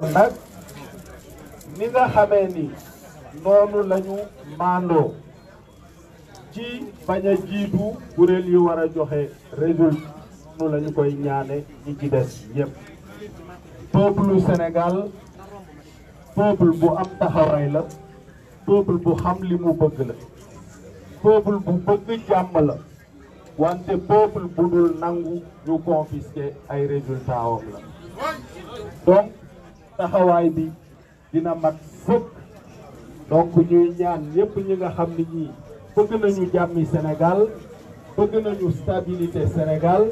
nag ni nga xamee ni noonu lañu maandoo ci bañ a jiitu kuréel yi war a joxe résultat noonu lañu koy ñaane ñi ci des yépp peuple Sénégal peuple bu am taxawaay la peuple bu xam li mu bëgg la peuple bu bëgg jàmm la wante peuple bu dul nangu ñu confisquer ay résultats am la donc taxawaay bi dina mat fëkk donc ñuy ñaan ñëpp ñi nga xam ni ñi bëgg nañu jàmmi Sénégal bëgg nañu stabilité Sénégal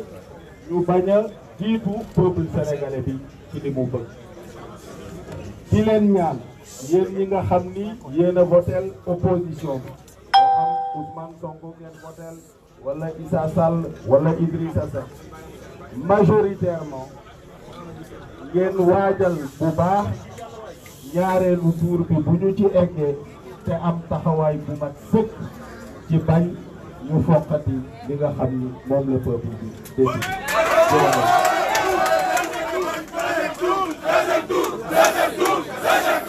ñu bañ a jiitu peuple bi ci li bëgg di leen ñaan yéen ñi nga xam ni yéen a votel opposition bi xam Ousmane Sonko ngeen wala Issa Sall wala Idrissa majoritairement ngeen waajal bu baax ñaareelu tour bi bu ñu ci eggee te am taxawaay bu mat sëkk ci bañ ñu foqati li nga xam ni moom la peuple bi déglu. jërëjëf.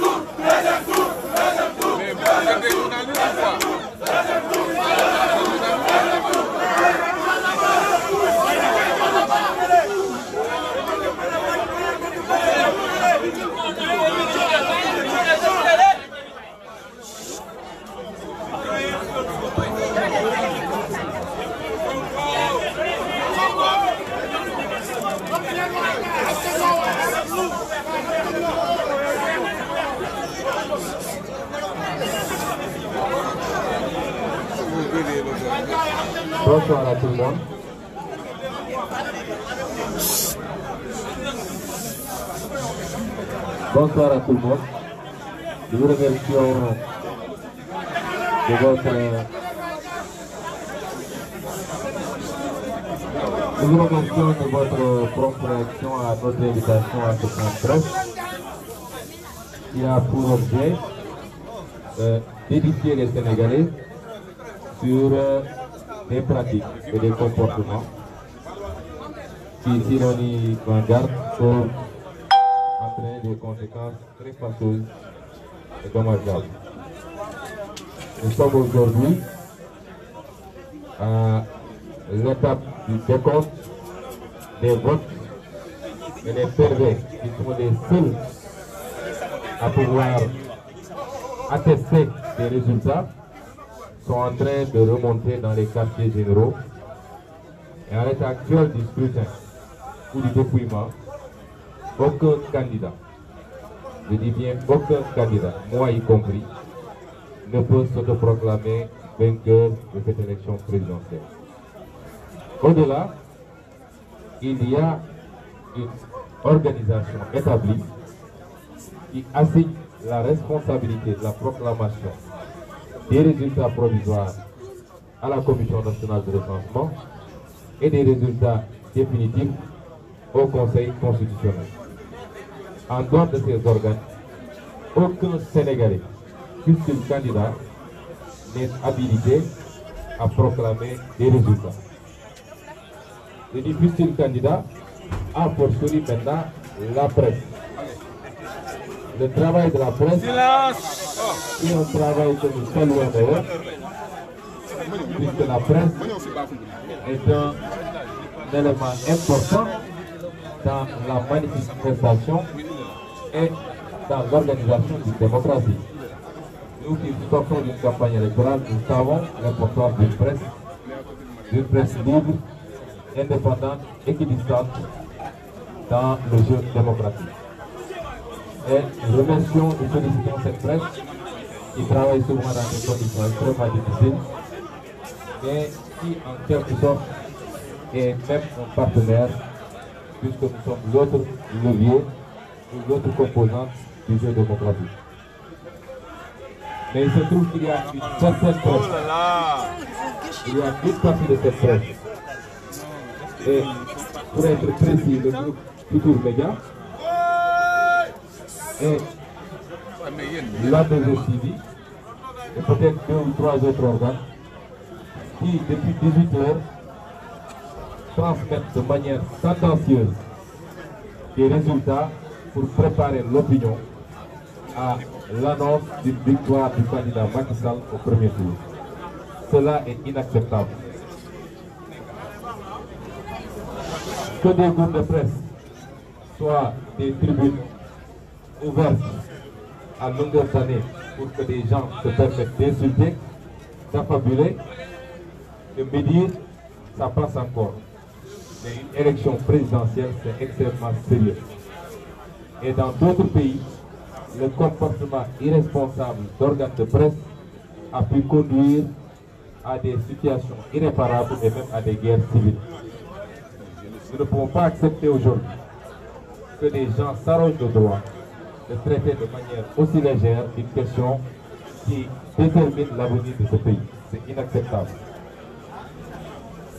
monde. Nous vous votre. Nous vous remercions votre propre réaction à notre invitation à a pour objet euh, les Sénégalais sur euh, pratiques et comportements qui, si l'on garde, sont entraîner des conséquences très fâcheuses et dommageables. Nous sommes aujourd'hui l'étape du décompte des votes et des PV qui sont les seuls à pouvoir attester des résultats sont en train de remonter dans les quartiers généraux et à l'état du scrutin ou du dépouillement, aucun candidat je dis bien aucun candidat, moi y compris, ne peut s'autoproclamer vainqueur de cette élection présidentielle. Au-delà, il y a une organisation établie qui assigne la responsabilité de la proclamation des résultats provisoires à la Commission nationale de recensement et des résultats définitifs au Conseil constitutionnel. en dehors de ces organes, aucun Sénégalais, puisqu'il candidat, n'est habilité à proclamer des résultats. Je dis candidat, a fortiori maintenant la Le travail de la presse Silence un travail que nous saluons puisque la presse est un élément important dans la manifestation et dans l'organisation d'une démocratie. Nous qui sortons d'une campagne électorale, nous savons l'importance d'une presse, d'une presse libre, indépendante, équidistante dans le jeu démocratique. Et nous remercions et félicitons presse qui travaille souvent dans des conditions extrêmement qui en quelque sorte est même un partenaire puisque nous sommes l'autre levier une autre composante du jeu démocratique. se trouve qu'il y a une certaine presse. Oh il y a une partie de cette presse. Et pour être précis, le groupe Futur Média et la TV et peut-être deux ou trois autres organes qui, depuis 18 heures, transmettent de manière pour préparer l'opinion à l'annonce d'une victoire du candidat Macky Sall au premier tour. Cela est inacceptable. Que des groupes de presse soient des tribunes ouvertes à longueur d'année pour que des gens se permettent d'insulter, d'affabuler, de médire, ça passe encore. Mais une élection présidentielle, c'est extrêmement sérieux. Et dans d'autres pays, le comportement irresponsable d'organes de presse a pu conduire à des situations irréparables et même à des guerres civiles. Nous ne pouvons pas accepter aujourd'hui que des gens s'arrogent le droit de traiter de manière aussi légère une question qui détermine l'avenir de ce pays. C'est inacceptable.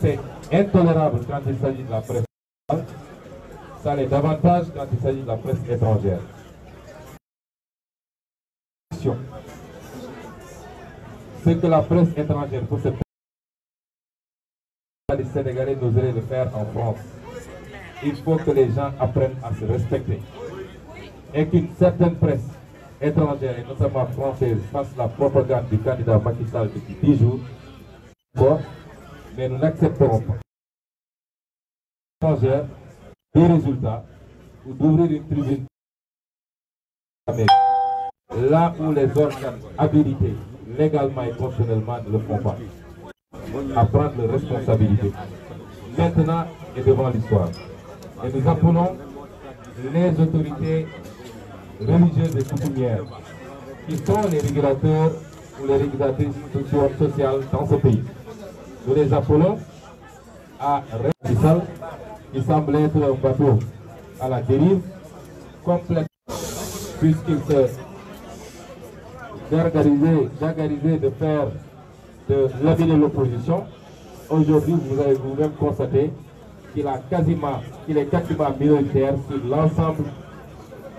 C'est intolérable quand il s'agit de la presse. ça l'est davantage Ce que la presse étrangère peut se faire, les Sénégalais n'oseraient le faire en France. Il faut que les gens apprennent à se respecter. Et qu'une certaine presse étrangère, et notamment française, fasse la propagande du candidat Macky depuis 10 jours. mais nous n'accepterons pas. deux résultats ou d'ouvrir Là où les organes habilités légalement et professionnellement ne le font pas. À leurs responsabilités. Maintenant est devant l'histoire. Et nous appelons les autorités religieuses et coutumières qui sont les régulateurs ou les régulatrices sociales dans ce pays. Nous les appelons à rester il semble être un bateau à la dérive, complètement, puisqu'il s'est gargarisé, de faire de l'habiller l'opposition. Aujourd'hui, vous avez vous-même constaté qu'il est quasiment minoritaire sur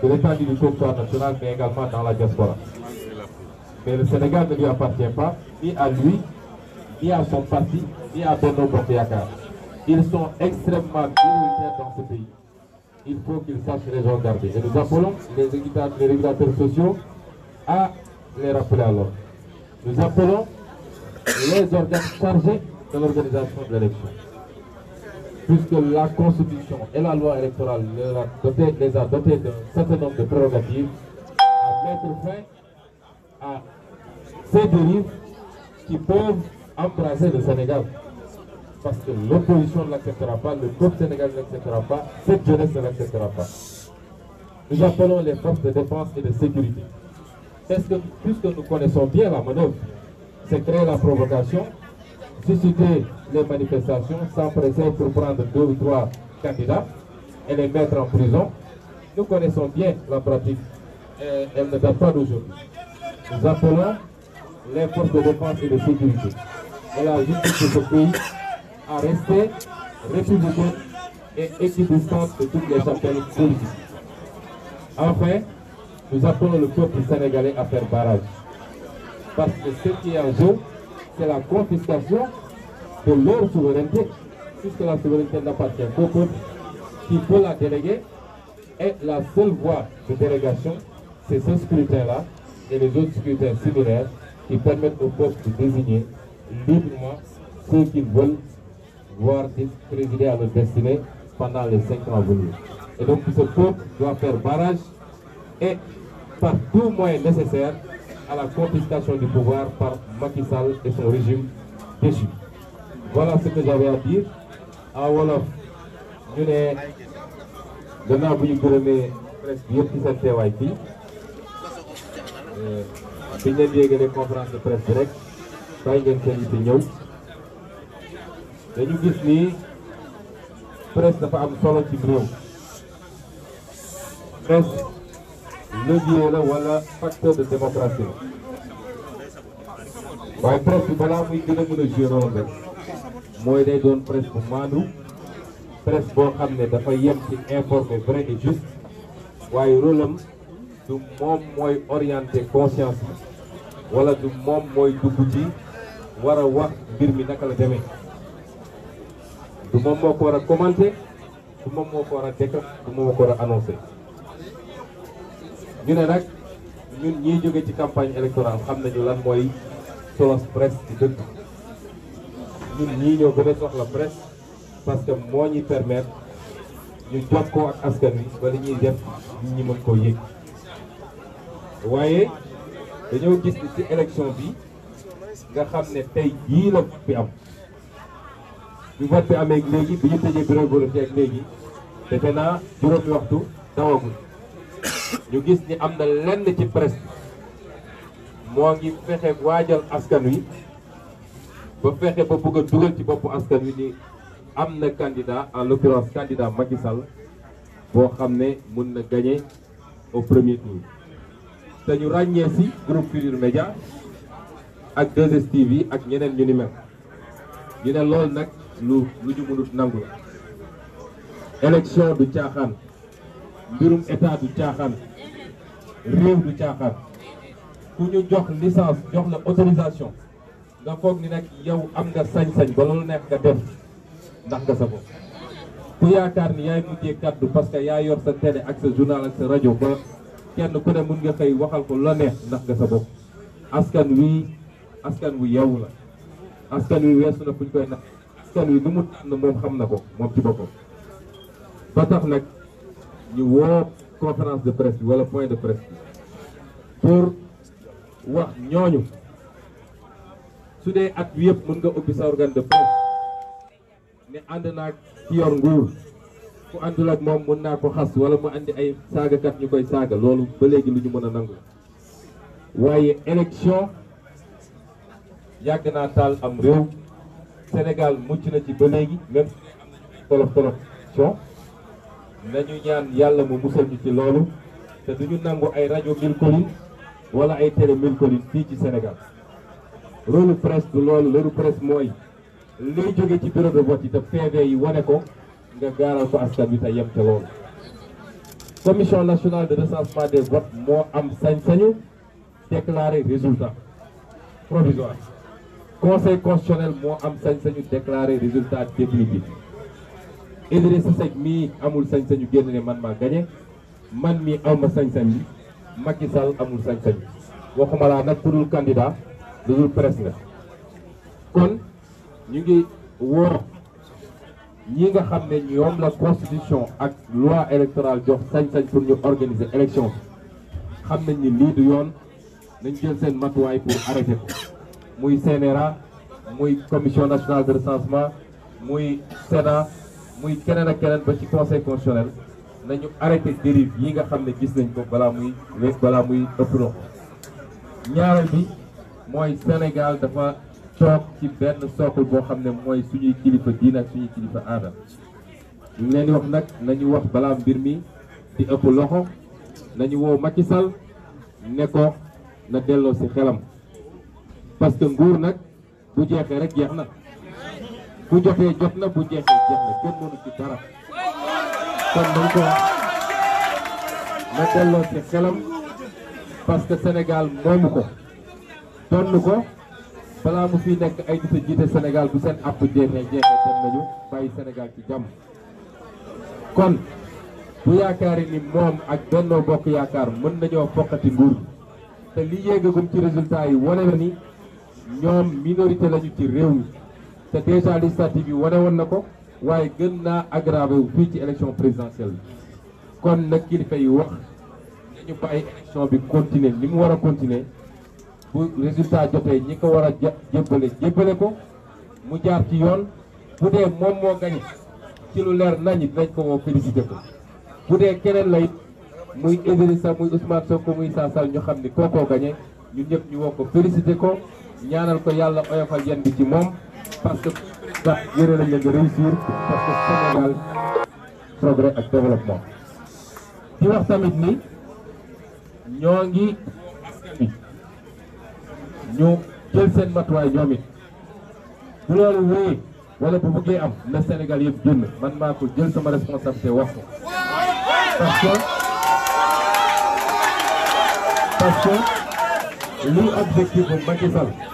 de l'étendue du territoire national, mais également dans la diaspora. Mais le Sénégal ne lui appartient pas, ni à lui, ni à son parti, ni à Benoît Bokéakar. Ils sont extrêmement minoritaires dans ce pays. Il faut qu'ils sachent raison garder. Et nous appelons les, les régulateurs sociaux à les rappeler à Nous appelons les organes chargés de l'organisation de l'élection. Puisque la Constitution et la loi électorale les a dotés, les a dotés d'un certain nombre de prérogatives à mettre fin à ces dérives qui peuvent embrasser le Sénégal. parce que l'opposition ne l'acceptera pas, le peuple sénégalais ne l'acceptera pas, cette jeunesse Nous appelons les forces de défense et de sécurité. Est-ce que, nous connaissons bien la manœuvre, c'est créer la provocation, susciter les manifestations, s'empresser pour prendre deux ou trois candidats et les mettre en prison. Nous connaissons bien la pratique, et euh, elle ne date pas d'aujourd'hui. Nous appelons les forces de défense et de sécurité et la justice à rester républicaine et équidistante de toutes les chapelles politiques. Enfin, nous appelons le peuple sénégalais à faire barrage. Parce que ce qui est en jeu, c'est la confiscation de leur souveraineté, puisque la souveraineté n'appartient qu'au peuple qui peut la déléguer. Et la seule voie de délégation, c'est ce scrutin-là et les autres scrutins similaires qui permettent au peuple de désigner librement ceux qu'ils veulent voire présider à leur destinée pendant les cinq ans à Et donc ce peuple doit faire barrage et par tout moyen nécessaire à la confiscation du pouvoir par Macky Sall et son régime déchu. Voilà ce que j'avais à wolof ñu ne gannaaw bu ñu gërëmee presse bi yëpp ci seen teewaay fii euh, bi ñu leen yéegalee conférence de presse bi rek bàyyi ngeen seen yi fi dañu gis ni presse dafa am solo ci réew presse levier la wala facteur de démocratie waaye presse bi balaa muy gën a mën a jouer rôle rek mooy day doon presse bu maandu presse boo xam ne dafa yem ci informer vrai et juste waaye rôle du moom mooy orienter conscience bi wala du moom mooy dugg ci war a wax mbir mi naka la demee du moom moo ko war a commenté du moom moo ko war a teg du moom moo ko war a annoncé ñu ne nag ñun ñiy jóge ci campagne électorale xam nañu lan mooy solos presse ci dëkk ñun ñii ñoo gën soxla presse parce que moo ñuy permettre ñu jokkoo ak askan wi ba li ñuy def ñi mën koo yëg waaye dañoo gis ni ci élection bi nga xam ne tey jii la fi am bi vote bi amee léegi bi ñu tëjee bureau vote ak léegi defe naa juróomi waxtu dawagul ñu gis ni am na lenn ci presse moo ngi fexe waajal askan wi ba fexe ba bëgg dugal ci boppu askan wi ni am na candidat en l'occurrence candidat Macky Sall boo xam ne mën na gagner au premier tour te ñu ràññee ci groupe Futurs Médias ak 2STV yi ak ñeneen ñu ni mel ñu ne loolu nag lu lu ñu mënut nangu la élection du caaxaan mbirum état du caaxaan réew du caaxaan ku ñu jox licence jox la autorisation nga foog ni nag yow am nga sañ-sañ ba loolu nekk nga def ndax nga sa bopp ku yaakaar ni yaay mujjee kàddu parce que yaa yor sa télé ak sa journal ak sa rajo ba kenn ku ne mun nga xëy waxal ko la neex ndax nga sa bopp askan wi askan wi yow la askan wi weesu na fuñ koy nax askan wi lu mu tànn moom xam na ko moom ci boppam ba tax nag ñu woo conférence de presse bi wala point de presse bi pour wax ñooñu su dee at bi yëpp mën nga ubbi sa organe de presse ne ànd naag ci yor nguur ku àndul ak moom mën naa ko xas wala mu àndi ay saagakat ñu koy saaga loolu ba léegi lu ñu mën a nangu waaye élection yàgg naa taal am réew Sénégal mucc na ci ba léegi même tolof tolof sion nañu ñaan yàlla mu musal ñu ci loolu te duñu nangu ay rajo mille collines wala ay télé mille collines fii ci Sénégal rôle presse du loolu loolu presse mooy luy jóge ci bureau de vote yi te PV yi wane ko nga gaaral ko askan wi te yem te loolu commission nationale de recensement des votes moo am sañ-sañu déclarer résultat provisoire conseil constitutionnel moo am sañ-sañu déclarer résultat définitif Idrissa Seck mii amul sañ-sañu génn ne man maa gagné man mii awma sañ-sañ bi Macky Sall amul sañ-sañ waxuma laa nag pour dul candidat lu dul nga kon ñu ngi woo ñi nga xam ne ñoom la constitution ak loi électorale jox sañ-sañ pour ñu organiser élection xam nañ ni lii du yoon nañ jël seen matuwaay pour arrêter ko muy CNRA muy commission nationale de recensement muy Sénat muy keneen ak keneen ba ci conseil constitutionnel nañu arrêté dérive yi nga xam ne gis nañ ko balaa muy balaa muy ëpp loxo ñaareel bi mooy Sénégal dafa toog ci benn sookul boo xam ne mooy suñuy kilifa diine ak suñuy kilifa aada ñu ngi leen di wax nag nañu wax balaa mbir mi di ëpp loxo nañu woo Macky Sall ne ko na delloo si xelam parce que nguur nag bu jeexee rek jeex na bu jotee jot jeexee jeex na kenn mënu ci dara kon nañ ko na delloo ci xelam parce que Sénégal moomu ko donn ko balaa mu fi nekk ay nit a jiite Sénégal bu seen àpp jeexee jeexee dem nañu bàyyi Sénégal ci jàmm kon bu yaakaari ni moom ak Benno Bokk Yaakaar mën nañoo foqati nguur te li yéegagum ci résultat yi wane na ñoom minorité lañu ci réew mi te déjà législative yi wane woon na ko waaye gën naa aggravé wu fii ci élection présidentielle kon nag kilifa yi wax dañu bàyyi élection bi continuer ni mu war a continuer bu résultat jotee ñi ko war a jébbale jébbale ko mu jaar ci yoon bu dee moom moo gañe ci lu leer nañ dinañ ko woo félicité ko bu dee keneen la it muy Idrissa muy Ousmane ko muy Sassal ñu xam ni kookoo gañe ñun ñëpp ñu woo ko félicité ko ñaanal ko yàlla oyofal yenn bi ci moom parce que kat yëre lañ leen réussir parce Sénégal progrès ak développement. di wax tamit ni ñoo ngi ñu jël seen matuwaay ñoom it bu loolu wéyee wala bu bëggee am na Sénégal yëpp génn man maa ko jël sama responsabilité wax ko parce que parce que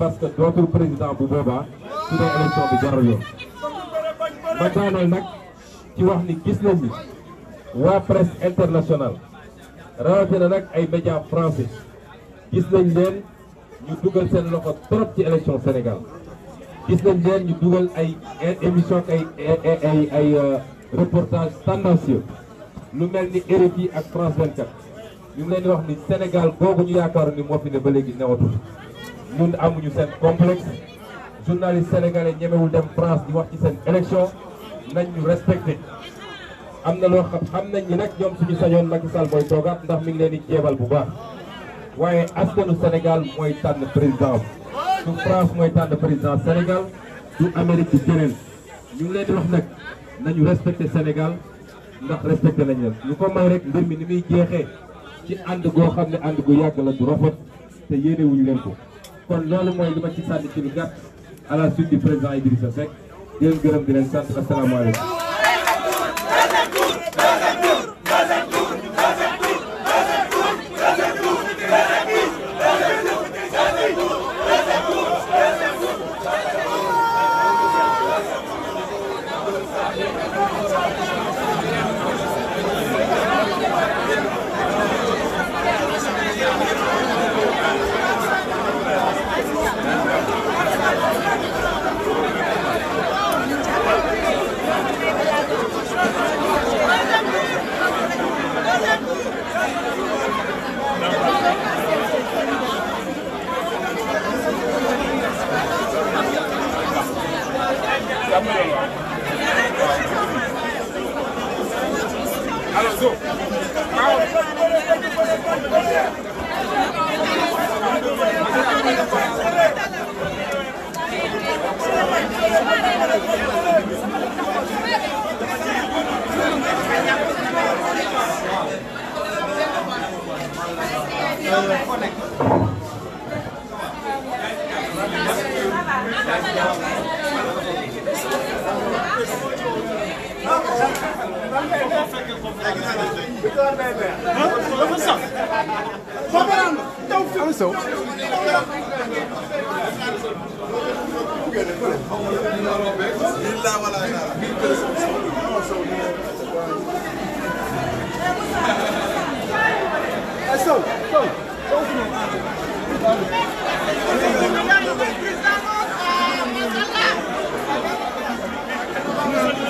parce que dootul président bu boobaa su dee élection bi jarul yoon ma nag ci wax ni gis nañ ni waa presse internationale rawatina nag ay médias français gis nañ leen ñu dugal seen loxo trop ci élection Sénégal gis nañ leen ñu dugal ay émission ay ay ay euh, reportage tendancieux lu mel ni RFI ak France 24 ñu ngi ni di wax ni Sénégal googu ñu yaakaaru ni moo fi ne ba léegi newatu ñun amuñu seen complexe journaliste sénégalais ñemewul dem France di wax ci seen élection nañ ñu respecté am na loo xam xam nañ ñi nag ñoom suñu sañoon Macky Sall mooy toogaat ndax mi ngi leen di jeebal bu baax waaye askanu Sénégal mooy tànn président du France mooy tànn président Sénégal du Amérique du keneen ñu ngi leen di wax nag nañu respecté Sénégal ndax respecté nañ leen lu ko may rek mbir mi ni muy jeexee ci ànd goo xam ne ànd gu yàgg la du rafet te yéene leen ko kon loolu mooy li ma ci sànni ci lu gàtt à la suite du président Idrissa Seck di leen gërëm di leen sant asalaamaaleykum dafa sax xobaraan taw fi am sow Thank you.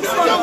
Sonko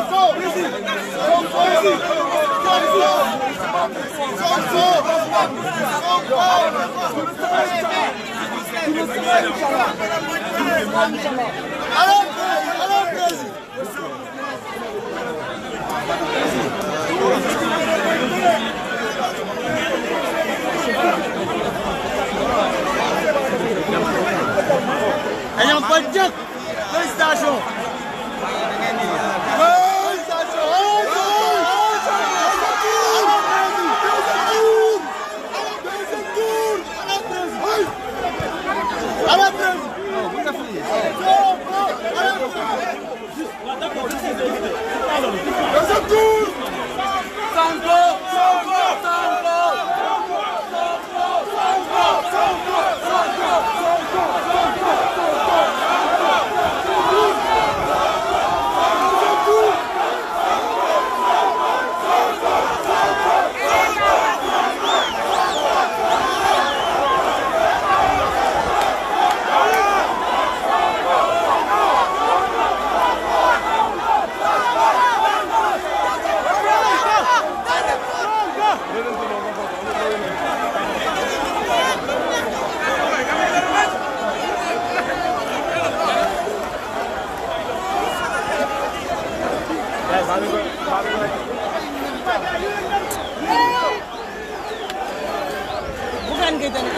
kontaan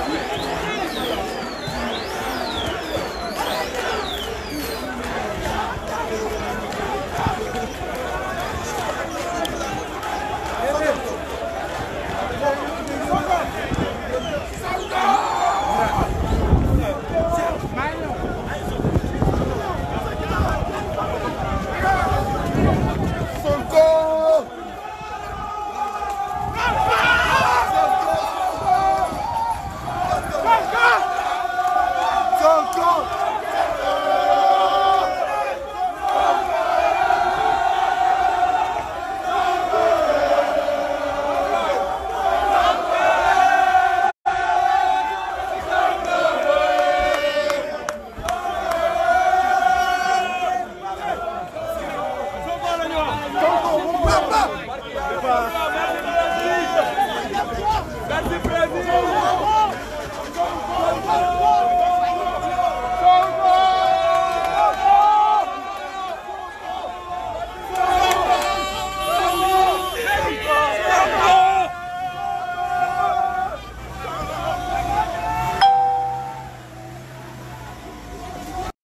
nga